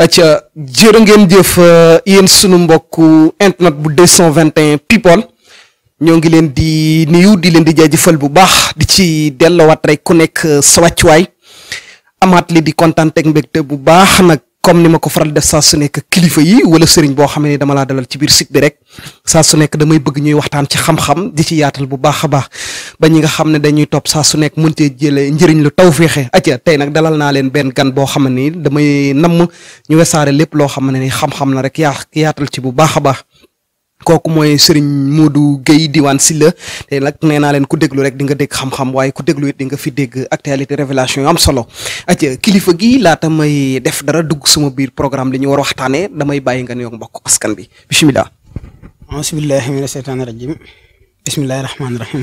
acca jërë ngeen jëf euh, yéen sunu mbokk internet bu 221 people ñoo ngi leen di nuyu di leen di jaajëfal bu baax di ci delloowaat rek ku nekk euh, sa wàccuwaay amaat li di kontaan teg mbégte bu baax nag comme ni ma ko faral def saa su nekk kilifa yi wala sëriñ boo xamee ne dama laa dalal ci biir site bi rek saa su nekk damay bëgg ñuy waxtaan ci xam-xam di ci yaatal bu baax a baax ba ñi nga xam ne dañuy topp saa su nekk mëntee jëlee njëriñ lu taw féexe aca tey nag dalal naa leen benn gan boo xam nii damay nam ñu wesaare lépp loo xam ne ni xam-xam na rek yaa yaatal ci bu baax a baax kooku mooy Serigne Modou Guèye Diwane Sylla te nag nee naa leen ku déglu rek di nga dégg xam-xam waaye ku déglu it di nga fi dégg actualité révélation yu am solo aja kilifa gi laata may def dara dugg sama biir programme li war a waxtaanee damay bàyyi nga nuyoog mbokk askan bi bisimilah. bisimilah mina seytaani rajim bisimilahi rahmaani rahim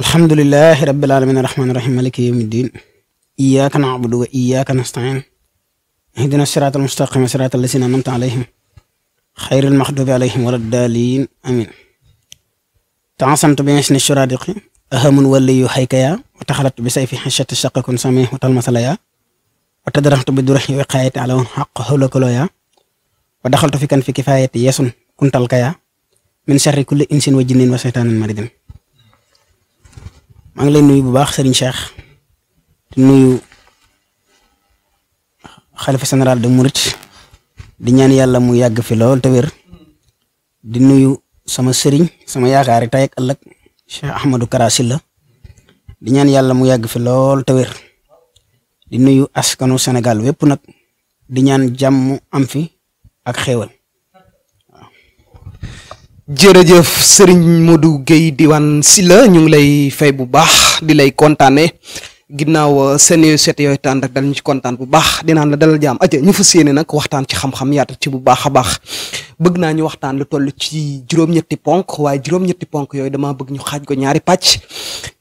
alhamdulilahi rabbil alamin rahmaani rahim maliki yawmi din iyyaka na'budu wa iyyaka nasta'in ihdina siratal mustaqima siratal lazina an'amta alayhim xayril maxdubi alayhim wala daaliin amin taxasamtu bi isni shuradiqi ahamun waliyu xaykaya wa taxalatu bi sayfi xishati shaqakun sami wa talmasalaya wa tadraxtu bi duraxi wiqayati alawun xaq xulakoloya wa daxaltu fi kan fi kifayati yesun kuntalkaya min charri kulli insin wa jinnin wa seytaanin maridin maa ngi nuyu bu baax Serigne Cheikh nuyu xalifa général de Mouride di ñaan yàlla mu yàgg fi lool te wér di nuyu sama sëriñ sama yaakaari tey ak ëllëg Cheikh Ahmadou Kara Sylla di ñaan yàlla mu yàgg fi lool te wér di nuyu askanu Sénégal wépp nag di ñaan jàmm am fi ak xéewal jërëjëf sëriñ Modou Guèye Diwane Sylla ñu ngi lay fay bu baax di lay kontaane ginnaaw euh, seen yooyu seet yooyu tànn rek dal ñu ci kontaan bu baax dinaan la dalal jaam aja ñu fa séene nag waxtaan ci xam-xam yaatal ci bu baax a baax bëgg naa ñu waxtaan la toll ci juróom-ñetti ponk waaye juróom-ñetti ponk yooyu damaa bëgg ñu xaaj ko ñaari pàcc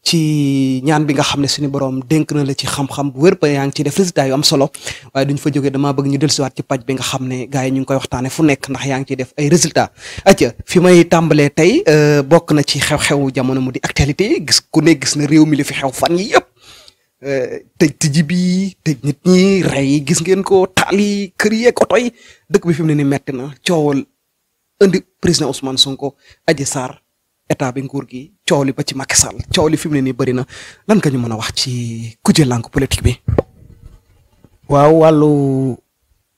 ci ñaan bi nga xam ne suñu borom dénk na la ci xam-xam bu ba yaa ngi ciy def résultat yu am solo waaye fa jógee damaa bëgg ñu dellusiwaat ci pàcc bi nga xam ne gars yi ñu ngi koy waxtaanee fu nekk ndax yaa ngi ciy def ay résultat aja fi may tàmbalee tey euh, bokk na ci xew-xewu jamono mu di actualité gis ku ne gis na réew mi li fi xew fan yi yëpp Eh, tëj tijji bi tëj nit ñi rey gis ngeen ko taal yi kër yeeg oto dëkk bi fi mu ne ni metti na coowal indi président Ousmane Sonko Adji Sarr état bi nguur gi coow li ba ci Macky Sall coow li fi mu ne nii bëri na lan nga ñu mën a wax ci kuje lànk politique bi. waaw wàllu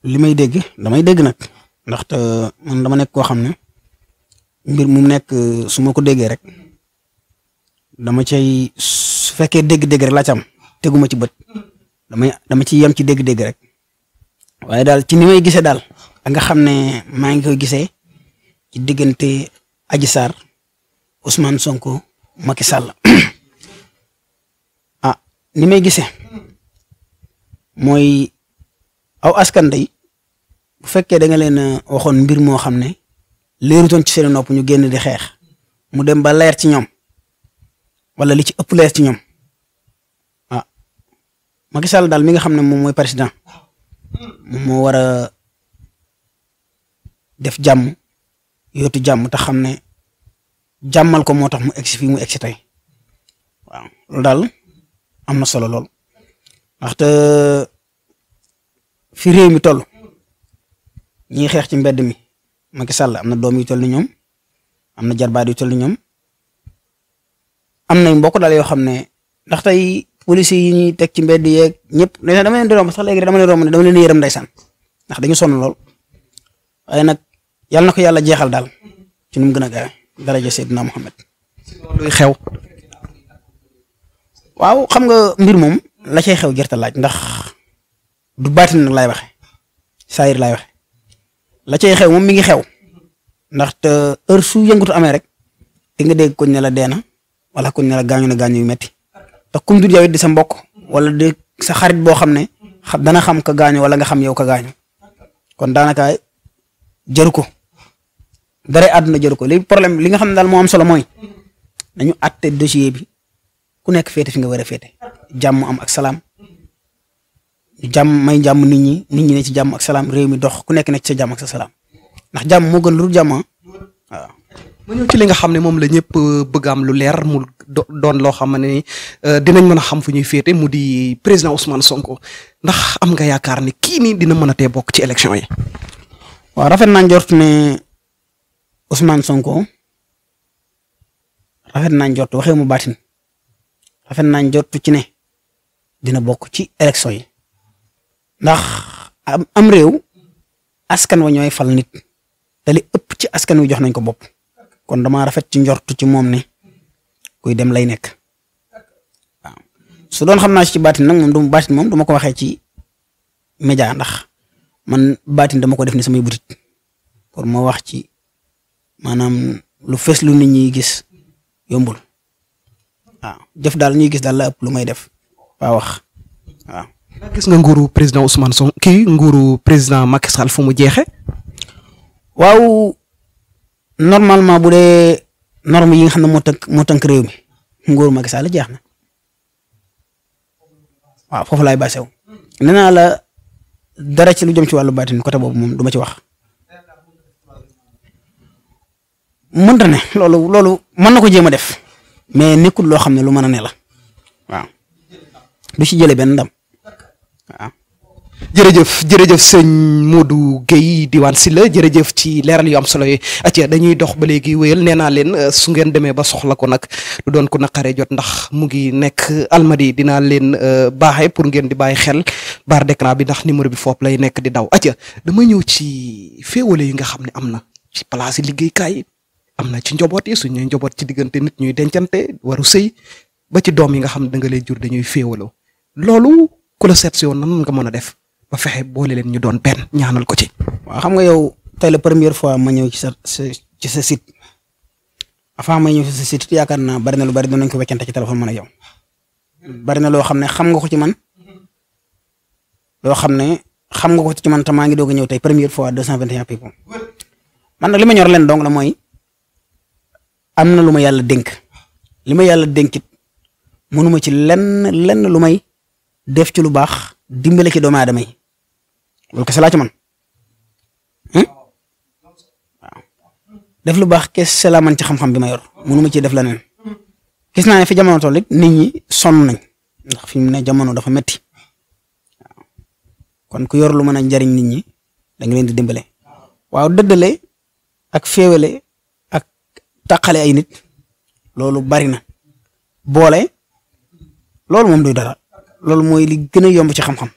li may dégg damay dégg nag ndaxte man dama nekk koo xam ne mbir mu nekk su ma ko déggee rek dama cay su fekkee dégg-dégg rek laa ci am teguma ci bët damay dama ci yem ci dégg-dégg rek waaye daal ci ni may gisee daal nga xam ne maa ngi koy gisee ci diggante Adji Sarr Ousmane Sonko Macky Sall ah ni may gisee mooy aw askan day bu fekkee danga leen waxoon mbir moo xam ne leerutoon ci seen nopp ñu génn di xeex mu dem ba leer ci ñoom walla li ci ëpp leer ci ñoom. Macky Sall daal mi nga xam ne moom mooy président moom moo war a def jàmm yootu jàmm te xam ne jàmmal ko moo tax mu egsi fii mu egsi tey waaw loolu daal am na solo lool ndaxte réew mi toll ñiy xeex ci mbedd mi Macky am na doom yu toll ni ñoom am na jarbaat yu toll ni ñoom am nañ mbokk daal yoo xam ne ndax police yi ñuy teg ci mbedd yeeg ñëpp ndeysaan dama leen di romb sax léegi dama leen romb ne dama leen di yërëm ndeysaan ndax dañu sonn lool waaye nag yàlla na ko yàlla jeexal daal ci nu gën a gaawe daraja Seydina Muhammad luy xew waaw xam nga mbir moom la cay xew gerte laaj ndax du baatin nag laay waxe saayir lay waxe la cay xew moom mi ngi xew ndaxte heure su yëngatu amee rek di nga dégg koñ ne la deena wala koñ ne la na gaañu yu metti ndax kum dul yow di sa mbokk wala di sa xarit boo xam ne dana xam ka gaañu wala nga xam yow ka gaañu kon daanaka jëru ko dara àdduna jëru ko li problème li nga xam ne daal moo am solo mooy nañu àtte dossier bi ku nekk féete fi nga war a jàmm am ak salaam jàmm may jàmm nit ñi nit ñi ci jàmm ak mi dox ku nekk ne ci sa jàmm salaam ndax jàmm moo gën lu dul ah. li nga xam ne moom la ñëpp euh, bëgg am lu leer mu doon loo xam ne ni euh, dinañ mën a xam fu ñuy féete mu di président Ousmane Sonko ndax am nga yaakaar ni kii nii dina mën a tee bokk ci élection yi. waaw rafet naa njort ne Ousmane Sonko rafet naa mu baatin rafet naa njort ci ne dina bokk ci élection yi ndax am réew askan wa ñooy fal nit te ëpp ci askan wi jox nañ ko bopp kon dama rafet ci njort ci moom ni kuy dem lay nekk su doon xam naa ci baatin nag moom du baatin moom du ma ko waxee ci média ndax man baatin dama ko def ni samay butit pour ma wax ci maanaam lu fees lu nit ñi gis yombul waaw jëf daal ñuy gis daal la ëpp lu may def waa wax waaw. gis nga nguuru président Ousmane Sonko kii nguuru président Macky Sall fu mu jeexe waaw normalement bu dee norme yi nga xam na moo tënk moo tënk réew mi nguur jeex na waaw foofu laay basew nee naa la dara lu jëm ci wàllu baatin côté boobu moom du ma ci wax. mënta ne loolu loolu mën na ko jéem a def mais nekkul loo xam ne lu mën a ne la waaw du ci jëlee benn ndam waaw. jërëjëf jërëjëf sëñ Modou diwaan si la jërëjëf ci leeral yu am solo yi atia dañuy dox ba léegi wéyal nee naa leen su ngeen demee ba soxla ko nag du doon ko naqaree jot ndax mu ngi nekk almadi dinaa leen euh, baaxee pour ngeen di bàyyi xel barre d'écran bi ndax numéro bi foofu lay nekk di daw atia dama ñëw ci féewale yi nga xam ne am na ci place yi liggéeykaay am na ci njoboot yi suñu njaboot ci diggante nit ñuy dencante waru sëy ba ci doom yi nga xam ne da nga leen jur dañuy féewaloo loolu ku la seet woon nan nga mën a def ba fexe boole leen ñu doon benn ñaanal ko ci. waaw xam nga yow tey première fois ma ñëw ci sa ci sa site avant ma ñëw ci sa site yaakaar naa bari na lu bari dinañ ko weccante ci téléphone man a yow bari na loo xam ne xam nga ko ci man loo xam ne xam nga ko ci man te maa ngi doog a ñëw tey première fois deux cent vingt et un people man nag li ma ñor leen dong la mooy am na lu ma yàlla dénk li ma yàlla dénkit mënuma ci lenn lenn lu may def ci lu baax dimbale ci doomu aadama yi loolu kese laa ci man hmm? def lu baax kese laa man ci xam-xam bi ma yor mënu ma ciy def leneen gis naa ne fi jamono toll nit ñi sonn nañ ndax fi ne jamono dafa metti waaw kon ku yor lu mën a njariñ nit ñi da leen di dimbale waaw dëddale ak féewale ak taqale ay nit loolu bari na boole loolu moom duy dara loolu mooy li gën a yomb ci xam-xam.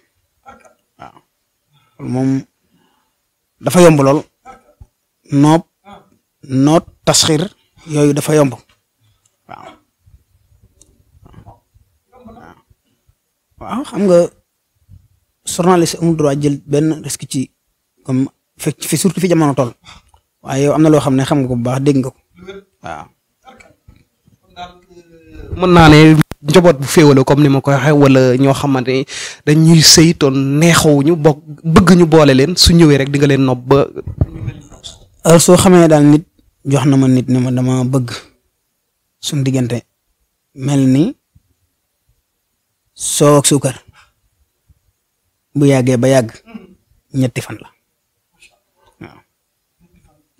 moom dafa yomb lool noob noot tasxiir yooyu dafa yomb waaw xam nga journaliste amul droit jël benn risque ci comme fi surtout fi jamono toll waaye am na loo xam ne xam nga ko bu baax dégg nga ko waaw. mën naa njoboot bu féewale comme ni ma ko waxee wala ñoo xamante ni dañuy sëytoon neexawuñu bokk bëgg ñu boole leen su ñëwee rek di nga leen nopp ba. Euh, soo xamee daal nit jox na ma nit ni ma dama bëgg suñ diggante mel ni soo ak suukar bu yàggee ba yàgg ñetti fan la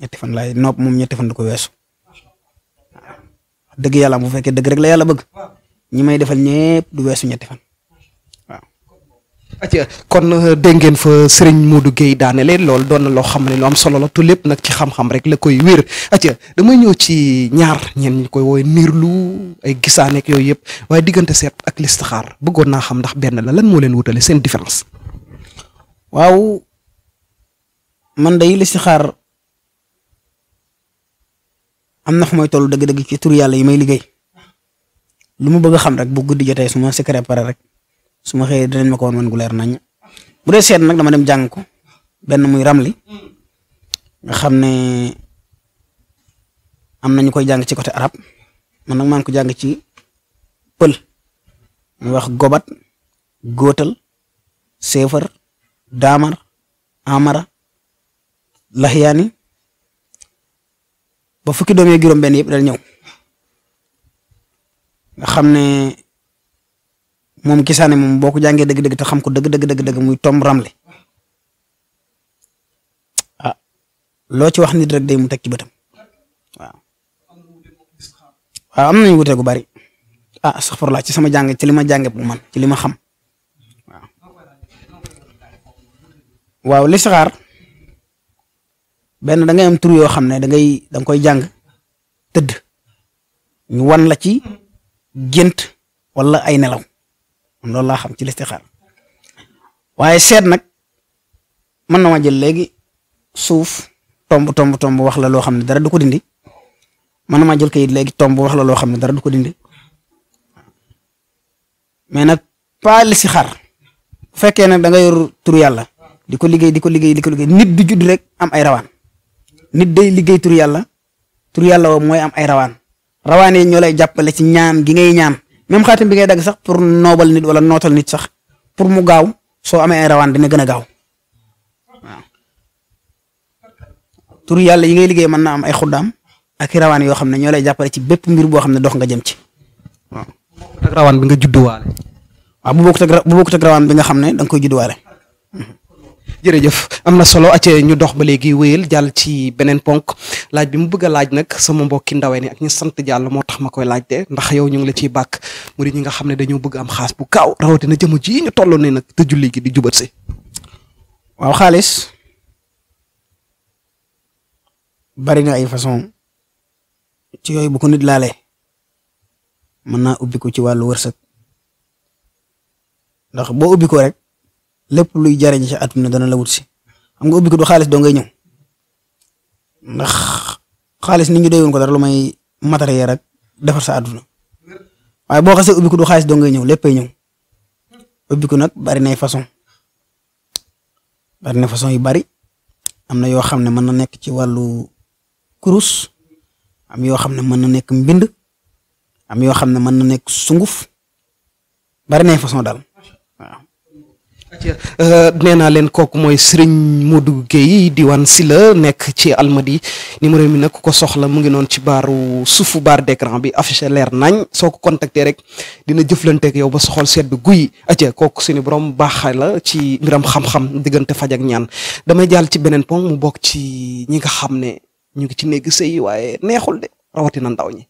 ñetti fan laay nopp moom ñetti fan du ko weesu dëgg yàlla bu fekkee dëgg rek la yàlla bëgg. ñi may defal ñëpp du weesu ñetti fan waaw. atia kon euh, dégg ngeen fa sëriñ Modou daane daanele lool doon na loo xam ne lu am solo la tu lépp nag ci xam-xam rek la koy wér atia damay ñëw ci ñaar ñeen ñi koy woowee lu ay gisaaneeg yooyu yëpp waaye diggante seet ak listaxaar bëggoon naa xam ndax benn la lan moo leen wutale seen différence. waaw man day listixaar am na fu may toll dëgg-dëgg ci tur yàlla yi may liggéey. lu mu bëgg xam rek bu guddi jotee su ma secret pare rek su ma xëyee dinañ ma ko woon man gu leer nañ bu dee seet nag dama dem jàng ko benn muy ramli nga xam ne am nañu koy jàng ci côté arab man nag maa ngi ko jàng ci pël mu wax gobat góotal seefar daamar amara laxiyaani ba fukki doom yi benn yëpp dal ñëw nga xam ne moom gisaane moom boo ko jàngee dëgg-dëgg te xam ko dëgg-dëgg-dëgg muy tom ramle ah loo ci wax nit rek day mu teg ci bëtam waaw am nañu wutee gu bari ah sax pour la ci sama jàng ci li ma jàngee bu man ci li ma xam waaw waaw listixaar benn da am tur yoo xam ne dangay ngay da koy jàng tëdd ñu wan la ci gént wala ay nelaw man loolu laa xam ci listixaar waaye seet nag mën na ma jël léegi suuf tomb tomb tomb wax la loo xam ne dara du ko dindi mën na ma jël kayit léegi tomb wax la loo xam ne dara du ko dindi mais nag pas listixaar bu fekkee nag da yor turu yàlla di liggéey di ko liggéey di ko liggéey nit du judd rek am ay rawaan nit day liggéey turu yàlla turu yàlla woo mooy am ay rawaan. rawaan yi ñoo lay jàppale ci ñaan gi ngay ñaan même xaatim bi ngay dagg sax pour noobal nit wala nootal nit sax pour mu gaaw soo amee ay rawaan dina gën a gaaw waaw tur yàlla yi ngay liggéey mën naa am ay xuddaam ak rawaan yoo xam ne ñoo lay jàppale ci bépp mbir boo xam ne dox nga jëm ci waaw. bi nga judduwaale. waaw bu bokkut ak bu bokkut ak rawaan bi nga xam ne da koy judduwaale. jërëjëf am na solo acce ñu dox ba léegi wéyal jàll ci beneen ponk laaj bi mu bëgg a laaj nag sama mbokki ndawee ni ak ñu sant jàll moo tax ma koy laajte ndax yow ñu ngi la ciy bàkk mu ñi nga xam ne dañoo bëgg am xaas bu gaaw rawatina jëmu ji ñu toll ne di jubat si waaw xaalis bari na ay façon ci yooyu bu ko nit mën naa ubbi ko ci wàllu wërsëg ndax boo ubbi ko rek lépp luy jariñ ci àdduna dana la wut si xam nga ubbi du xaalis doo ngay ñëw ndax xaalis nit ñu doyoon ko dara lu may matériel rek defar sa àdduna waaye boo xasee ubbi ko du xaalis doo ngay ñëw léppay ñëw ubbi nag bari nay façon bari na façon yu bari am na yoo xam ne mën na nekk ci wàllu kurus am yoo xam ne mën na nekk mbind am yoo xam ne mën na nekk sunguf bari nay façon dal Euh, nee naa leen kooku mooy sëriñ Serigne Modou diwaan si la nekk ci Almadies numéro mi nag ku ko soxla mu ngi noon ci baaru suufu baar d'écran bi affiché leer nañ soo ko contacté rek dina jëflanteek yow ba soxol seet bi guy atia kooku suñu borom baaxee la ci mbiram xam-xam diggante faj ak ñaan damay jàll ci beneen pong mu bokk ci ñi nga xam ne ñu ngi ci néeg sëy waaye neexul de rawatina ndaw ñi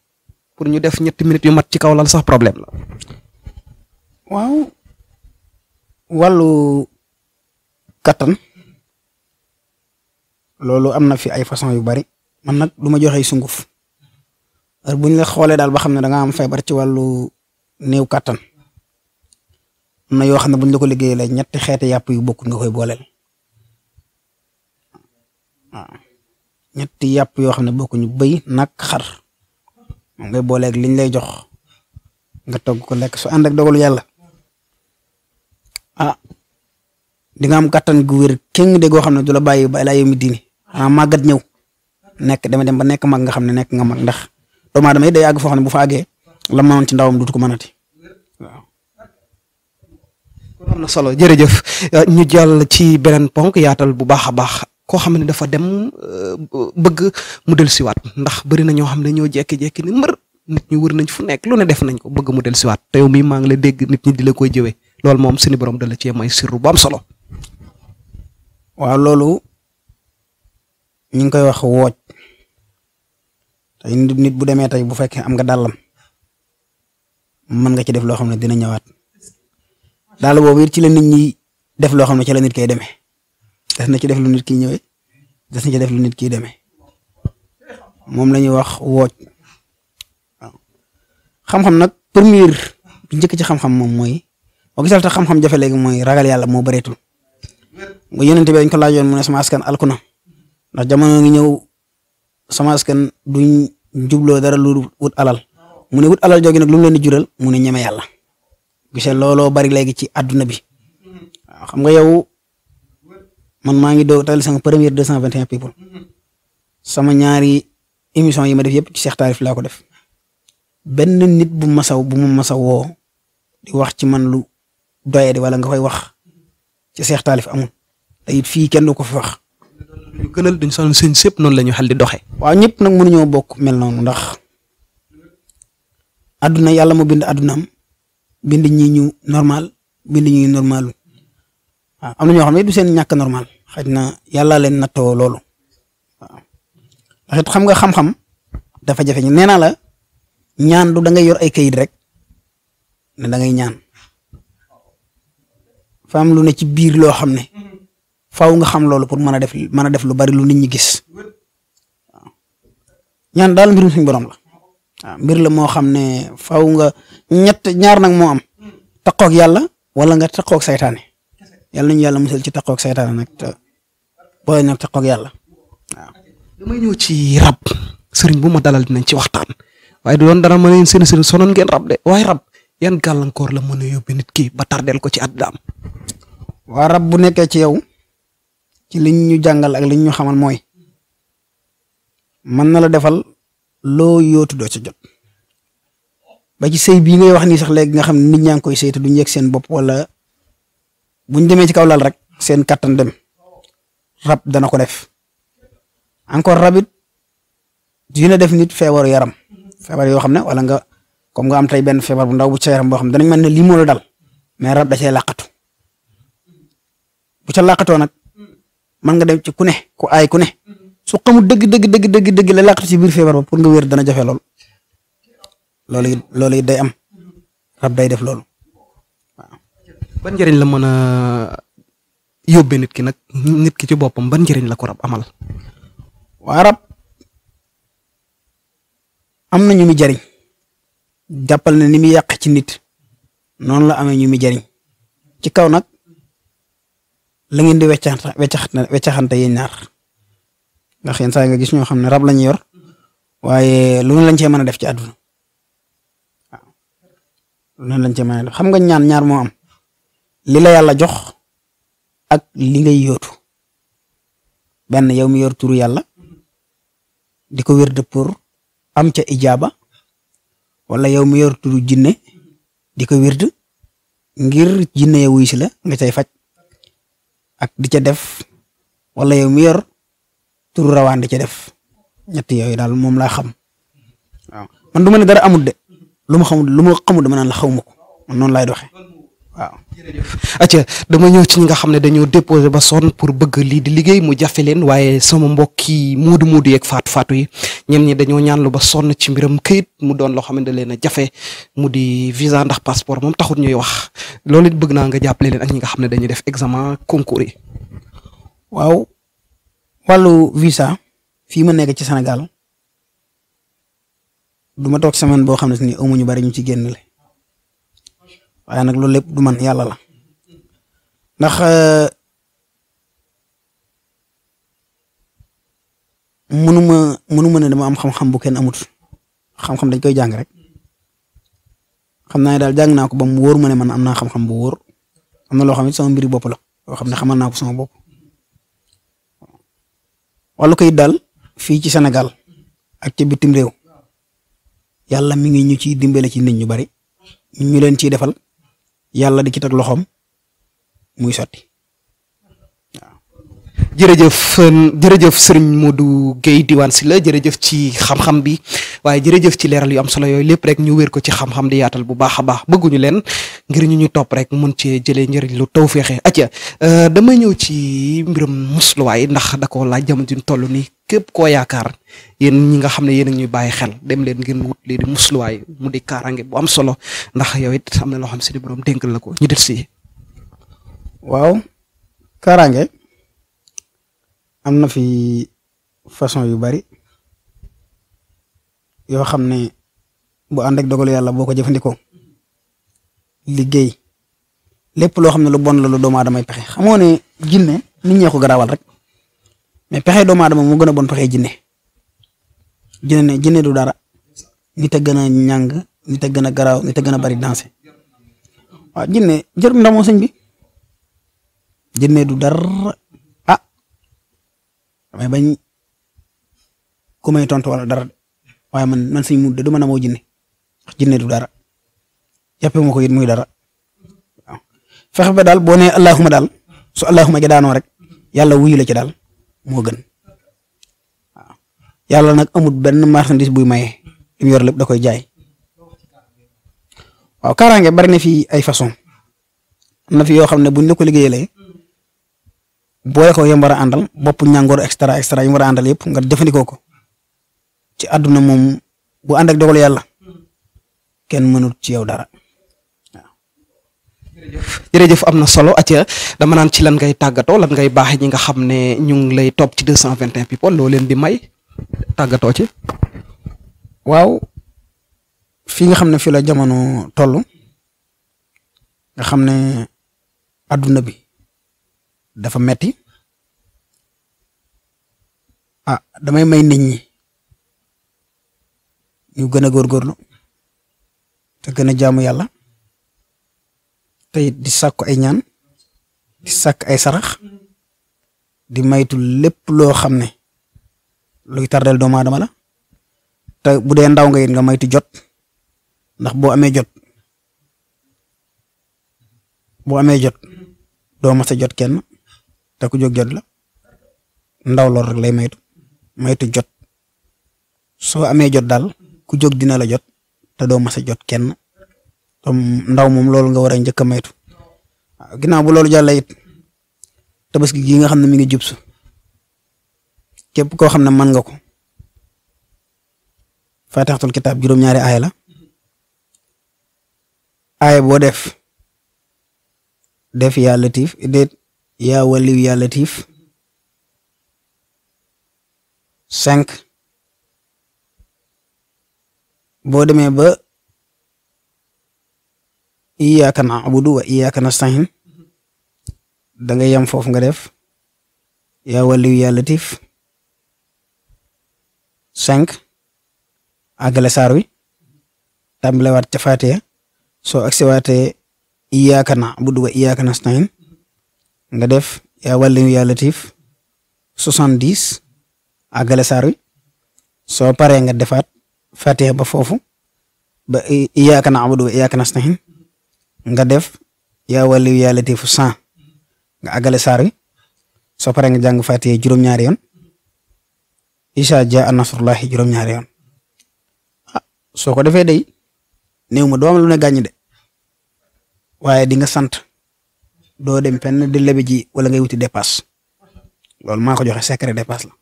pour ñu def ñetti minutes yu mat ci kaw lal sax problème la wallu kattan loolu am na fi ay façon yu bari man nag du ma joxe sunguf bu ñu la xoolee daal ba xam ne danga nga am feebar ci wàllu néew kattan am na yoo xam ne buñ ñu la ko liggéeyee la ñetti xeeti yàpp yu bokk nga koy booleel ñetti yàpp yoo xam ne bokkuñu bay nag xar moom ngay booleeg liñ lay jox nga togg ko lekk su ànd ak dogalu yàlla. di nga am kattan gu wér kéng de goo xam ne du la bàyyi ba diini xanaa ah, màggat ñëw nekk dama dem ba nekk mag nga xam ne nekk nga mag ndax doomu aadama yi day àgg foo xam ne bu fa àggee la mënoon ci ndawam dutu ko mënati waaw. na solo jërëjëf euh, ñu jàll ci beneen ponk yaatal bu baax a baax koo xam ne dafa dem euh, bëgg mu dellusiwaat ndax bëri na ñoo xam ne ñoo jékki-jékki ni mbër nit ñi wër nañ fu nekk lu ne def nañ ko bëgg mu dellusiwaat te yow mii maa ngi la dégg nit ñi di la koy jëwee lool moom suñu borom da la cee may sirru bu solo. waaw loolu ñu ngi koy wax wooj tey nit bu demee tey bu fekkee am nga dàllam mën nga ci def loo xam ne dina ñawaat dàll boobu it ci la nit ñi def loo xam ne ci la nit koy demee des na ci def lu nit ki ñëwee des na ci def lu nit kiy demee moom la ñuy wax wooj waaw xam-xam nag première bi njëkk ci xam-xam moom mooy boo gisal tax xam-xam jafe léegi mooy ragal yàlla moo bareetul yonent bi dañ ko laajoon mu ne sama askan alku na ndax jamono ngi ñëw sama askan duñ jubloo dara lu wut alal mu ne wut alal joogi nag lu mu leen di jural mu ne ñeme yàlla gisee looloo bari léegi ci àdduna bi xam nga yow man maa ngi doog tal sama première deux cent vingt et un people sama ñaari émission yi ma def yëpp ci Cheikh Taarif laa ko def benn nit bu masaw bu mu masaw woo di wax ci man lu doye di wala nga koy wax ci Cheikh Taarif amul te it fii kenn du ko fa wax. du gënal dañ sonal sëñ sëpp noonu la ñu xel di doxe waaw ñëpp nag mënuñoo bokk mel noonu ndax adduna yàlla mu bind addunaam bind ñi ñu normal bind ñi normalu am na ñoo xam ne du seen ñàkk normal xaj na yàlla leen nattoo loolu waaw ndax xam nga xam-xam dafa jafe ñu nee naa la ñaan du da yor ay kayit rek ne da ngay ñaan faam lu ne ci biir loo xam ne. faaw nga xam loolu pour mën a def mën a def lu bari lu nit ñi gis ñaan daal mbirum suñu borom la waaw mbir la moo xam ne faaw nga ñett ñaar nag moo am taqoog yàlla wala nga taqoog saytaane yàlla nañu yàlla musal ci taqoog saytaane nag te nag taqoog yàlla waaw. damay ñëw ci rab sëriñ bu ma dalal dinañ ci waxtaan waaye du doon dara ma ne seen sëriñ sonoon ngeen rab de waaye rab yan gàllankoor la mën a yóbbu nit ki ba tar del ko ci àddaam. waa rab bu nekkee ci yow. ci liñ ñu jàngal ak liñ ñu xamal mooy mën na la defal loo yootu doo ca jot ba ci sëy bii ngay wax nii sax léegi nga xam ne nit ñaa ngi koy saytu duñ yegg seen bopp wala buñ demee ci kaw lal rek seen kattan dem rab dana ko def encore rabit dina def nit feebaru yaram feebar yoo xam ne wala nga comme nga am tey benn feebar bu ndaw bu ca yaram boo xam ne danañ mën ne lii moo la dal mais rab da cee làqatu bu ca man nga dem ci ku ne ku aay ku ne su xamul dëgg dëgg dëgg dëgg dëgg la làqatu ci biir feebar ba pour nga wér dana jafe lool loolu it day am rab day def loolu waaw. ban njëriñ la mën a yóbbee nit ki nag nit ki ci boppam ban njëriñ la ko rab amal. waa rab am na ñu muy jariñ jàppal na ni muy yàq ci nit noonu la amee ñu muy jariñ ci kaw nag la ngeen di weccaxante weccaxante yéen ñaar ndax yenn saa nga gis ñoo xam ne rab lañu yor waaye lu ne lañ cee mën a def ci àdduna waaw lu ne lañ cee mën xam nga ñaan ñaar moo am li la yàlla jox ak li ngay yóotu benn yow mi yor turu yàlla di ko wér pour am ca ijaaba wala yow mi yor turu jinne di ko wér ngir jinne ya wuy nga cay faj ak di ca def wala yow mi yor turu rawaan di ca def ñetti yooyu daal moom laa xam waaw man du ma ne dara amut de lu ma xamul lu ma xamul dama naan la xaw ma ko man noonu laay doxee. waaw acca dama ñëw ci ñi nga xam ne dañoo déposé ba sonn pour bëgg lii di liggéey mu jafe leen waaye sama mbokki muudu muudu yeeg faat faatu yi ñen ñi dañoo ñaanlu ba sonn ci mbiram këyit mu doon loo xam ne da jafe mu di visa ndax passeport moom taxut ñuy wax loolu it naa nga jàppale leen ak ñi nga xam ne dañuy def examen concours waaw wàllu visa fii ma nekk ci Sénégal du ma toog semaine boo xam ne ni amuñu bari ñu ci génn le waaye nag loolu lépp du man yàlla la ndax euh, mënuma mënuma ne dama am xam-xam bu kenn amut xam-xam dañ koy jàng rek xam naa daal jàng naa ko ba mu wóor ma ne man am naa xam-xam bu wóor am na loo xam ne sama mbiri bopp la loo xam ne xamal naa ko sama bopp wàllu kayit daal fii ci senegal ak ci bitim réew yàlla mi ngi ñu ciy dimbale ci nit ñu bari ñu leen ciy defal yàlla di ci teg loxoom muy sotti waaw. jërëjëf euh, jërëjëf sëriñ Modou Guèye si la jërëjëf ci xam-xam bi waaye jërëjëf ci leeral yu am solo yooyu lépp rek ñu wér ko ci xam-xam di yaatal bu baax a baax bëgguñu leen. ngir ñu ñu topp rek mun cee jëlee njëriñ lu taw feexe acca euh, damay ñëw ci mbirum musluwaay ndax da ko laaj jamono toll nii képp koo yaakaar yéen ñi nga xam ne yéen a ñuy bàyyi xel dem leen ngeen wut leen di musluwaay mu di kaaraange bu am solo ndax yow it am na loo xam si ne borom dénkal la ko ñu def si. waaw na fi façon yu bari yoo xam ne boo ànd ak dogalu yàlla boo ko jëfandikoo liggéey lépp loo xam ne lu bon la lu doomu aadamay pexe xamoo ne jinne nit ñee ko garaawal rek mais pexe doomu aadama moo gën a bon pexe jinne jinne ne jinne du dara nit a gën a ñàng nit a gën a garaaw gën a bari dansé waaw jinne jër ndamoo sëñ bi jinne du dara ah damay bañ ku tontu wala dara waaye man man sëñ mu de ma namoo jinne wax jinne du dara jàppee ma ko it muy dara fexe ba daal boo nee allahuma daal su allahuma ja rek yàlla wuyu la ci daal moo gën waaw nag amut benn marchandise buy maye li mu yor lépp da koy jaay. waaw kaaraange bari na fi ay façon am na fi yoo xam ne buñ la ko liggéeyalee boole ko yam war a àndal bopp ñàngoor extra extra yi war a àndal yëpp nga jëfandikoo ko ci àdduna moom bu ànd ak dogal yàlla kenn mënut ci yow dara. jërëjëf am na solo atia dama naan ci lan ngay tàggatoo lan ngay baaxee ñi nga xam ne ñu ngi lay topp ci 221 people loo leen di may tàggatoo ci. waaw fii nga xam ne fi la jamono toll nga xam ne adduna bi dafa metti ah damay may nit ñi ñu gën a góorgóorlu te gën a jaamu yàlla. te di sàkku ay ñaan di sàkk ay sarax di maytu lépp loo xam ne luy tardeel doomu aadama la te bu dee ndaw nga yit nga maytu jot ndax boo amee jot boo amee jot doo mas jot kenn te ku jóg jot la ndaw lool rek lay maytu maytu jot soo amee jot daal ku jóg dina la jot te doo mas jot kenn ndaw moom lool nga war a njëkk a maytu waaw ginnaaw bu loolu jàll it tabaski gi nga xam ne mi ngi jub su képp koo xam ne man nga ko Faatixatul Kitaab juróom-ñaari aaya la aaya boo def def yaa latif déet yaa waliw yaa latif cinq boo demee ba iyyaka na'budu wa iyyaka nasta'in da nga yem foofu nga def yaa waliyu yaa latif cinq àggale saar wi tàmbalewaat ca faatiya soo agsiwaatee iyyaka na'budu wa iyyaka nasta'in nga def yaa waliyu yaa latif soixante-dix àggale saar wi soo paree nga defaat faatiya ba foofu ba iyyaka na'budu wa iyyaka nasta'in nga def yaa wàllu yaa latifu cent nga àggale saar wi soo paree nga jàng fàttee juróom-ñaari yoon isa jaa nasrullahi juróom-ñaari yoon ah soo ko defee day néew ma doom lu ne gàññ de waaye di nga sant doo de fenn di lebi ji wala ngay wuti dépasse loolu maa ko joxe secret dépasse la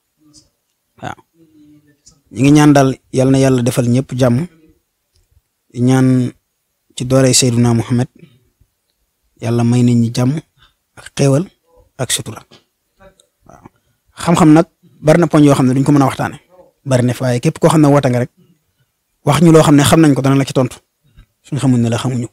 ñi ngi ñaan daal yal na yàlla defal ñëpp jàmm ñaan ci doorey Seyduna Muhammad yàlla may nit ñi jàmm ak xéewal ak sutura waaw xam-xam nag bari na poñ yoo xam ne duñ ko mën a waxtaane bari na faaye képp koo xam ne woote nga rek wax ñu loo xam ne xam nañ ko dana la ci tontu suñ xamuñ ne la xamuñu